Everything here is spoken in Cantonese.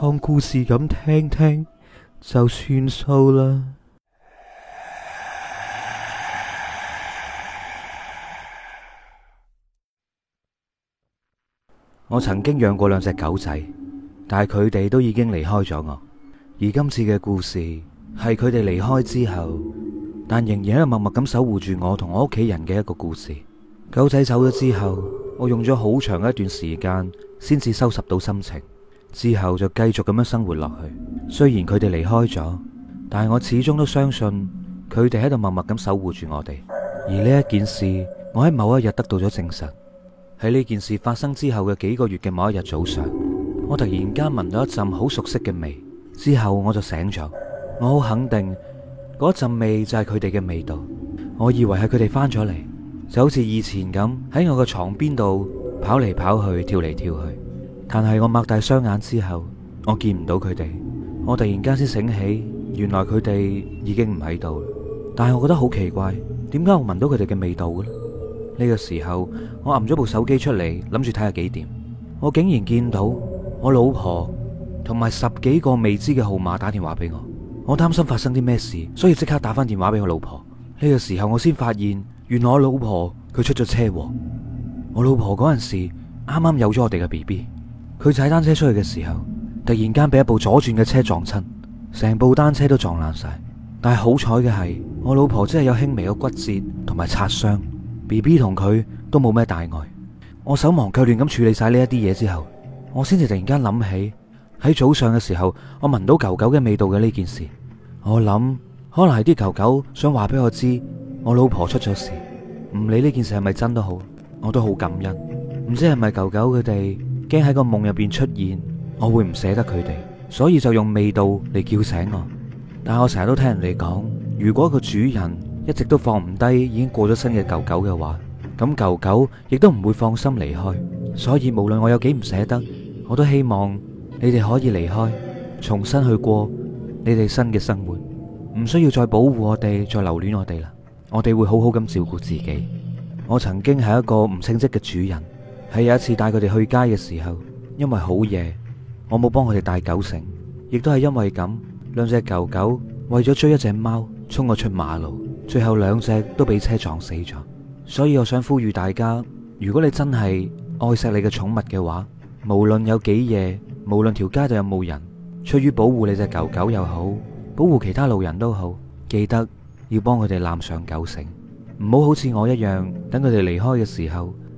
當故事咁聽聽就算數啦。我曾經養過兩隻狗仔，但係佢哋都已經離開咗我。而今次嘅故事係佢哋離開之後，但仍然喺度默默咁守護住我同我屋企人嘅一個故事。狗仔走咗之後，我用咗好長一段時間先至收拾到心情。之後就繼續咁樣生活落去。雖然佢哋離開咗，但係我始終都相信佢哋喺度默默咁守護住我哋。而呢一件事，我喺某一日得到咗證實。喺呢件事發生之後嘅幾個月嘅某一日早上，我突然間聞到一陣好熟悉嘅味。之後我就醒咗，我好肯定嗰陣味就係佢哋嘅味道。我以為係佢哋翻咗嚟，就好似以前咁喺我嘅床邊度跑嚟跑去、跳嚟跳去。但係我擘大雙眼之後，我見唔到佢哋。我突然間先醒起，原來佢哋已經唔喺度。但係我覺得好奇怪，點解我聞到佢哋嘅味道嘅咧？呢個時候我揞咗部手機出嚟，諗住睇下幾點。我竟然見到我老婆同埋十幾個未知嘅號碼打電話俾我。我擔心發生啲咩事，所以即刻打翻電話俾我老婆。呢個時候我先發現，原來我老婆佢出咗車禍。我老婆嗰陣時啱啱有咗我哋嘅 BB。佢踩單車出去嘅時候，突然間俾一部左轉嘅車撞親，成部單車都撞爛曬。但係好彩嘅係，我老婆真係有輕微嘅骨折同埋擦傷，BB 同佢都冇咩大礙。我手忙腳亂咁處理曬呢一啲嘢之後，我先至突然間諗起喺早上嘅時候，我聞到狗狗嘅味道嘅呢件事。我諗可能係啲狗狗想話俾我知，我老婆出咗事。唔理呢件事係咪真都好，我都好感恩。唔知係咪狗狗佢哋？驚喺個夢入邊出現，我會唔捨得佢哋，所以就用味道嚟叫醒我。但係我成日都聽人哋講，如果個主人一直都放唔低已經過咗身嘅狗狗嘅話，咁狗狗亦都唔會放心離開。所以無論我有幾唔捨得，我都希望你哋可以離開，重新去過你哋新嘅生活，唔需要再保護我哋，再留戀我哋啦。我哋會好好咁照顧自己。我曾經係一個唔稱職嘅主人。喺有一次帶佢哋去街嘅時候，因為好夜，我冇幫佢哋帶狗繩，亦都係因為咁，兩隻狗狗為咗追一隻貓，衝咗出馬路，最後兩隻都俾車撞死咗。所以我想呼籲大家，如果你真係愛錫你嘅寵物嘅話，無論有幾夜，無論條街度有冇人，出於保護你隻狗狗又好，保護其他路人都好，記得要幫佢哋攬上狗繩，唔好好似我一樣，等佢哋離開嘅時候。